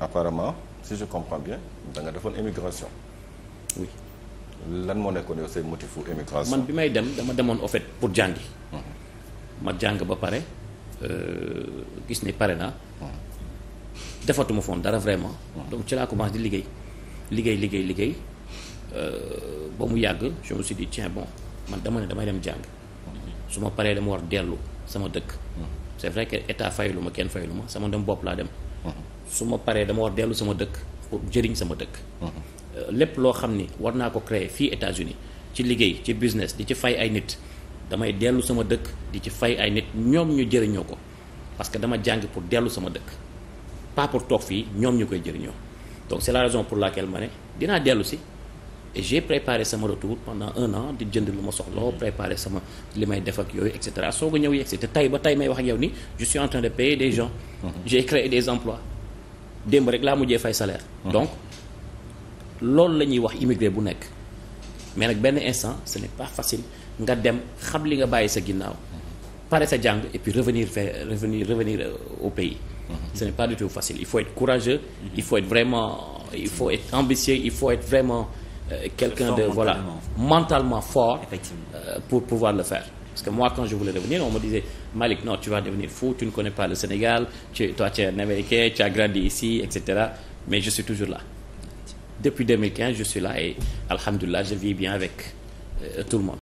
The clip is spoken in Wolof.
apparemment si je comprends da nga defoon émigration. oui lan moo nekkoon yow say motifu émigration. man bi may dem dama demoon au fait pour jàngi. Mhm. ma jàng ba pare euh, gis ni pare naa. Mhm. defatuma foon dara vraiment. Mhm. donc ci laa commencé di liggéey liggéey liggéey liggéey euh, ba mu yàgg je me suis dit bon man dama ne damay dem jàng. su ma paree dama war dellu sama dëkk. c'est vrai que état faylu ma kenn faylu ma sama dem bopp laa dem. su ma paree dama war dellu sama dëkk pour jëriñ sama dëkk euh, lépp loo xam ni war naa ko créer fii États-Unis ci liggéey ci business di ci fay ay nit damay dellu sama dëkk di ci fay ay nit ñoom ñu jëriñoo ko parce que dama jàng pour dellu sama dëkk pas pour toog fii ñoom ñu koy jëriñoo donc c'est la raison pour la laquelle ma ne dinaa dellu si et j'ai préparé sama retour pendant un an di jënd lu ma soxloo mm-hmm. préparé sama li may def ak yooyu et cetera soo ko ñëw yegsi tey ba tey may wax ak ni je suis en train de des gens mm-hmm. des emplois démb rek laa mujjee fay salaire. Ah. donc loolu la ñuy wax immigré bu nekk mais nag benn instant ce n'est pas facile nga dem xam li nga bàyyi sa ginnaaw pare sa jàng et puis revenir vers revenir revenir euh, au pays. Ah. ce n'est pas du tout facile il faut être courageux. Mm-hmm. il faut être vraiment il faut être ambitieux il faut être vraiment. Euh, quelqu'un voilà mentalement fort. Euh, pour pouvoir le faire. Parce que moi, quand je voulais devenir, on me disait Malik, non, tu vas devenir fou, tu ne connais pas le Sénégal, tu, toi, tu Américain, tu as grandi ici, etc. Mais je suis toujours là. Depuis 2015, je suis là et Alhamdulillah, je vis bien avec euh, tout le monde.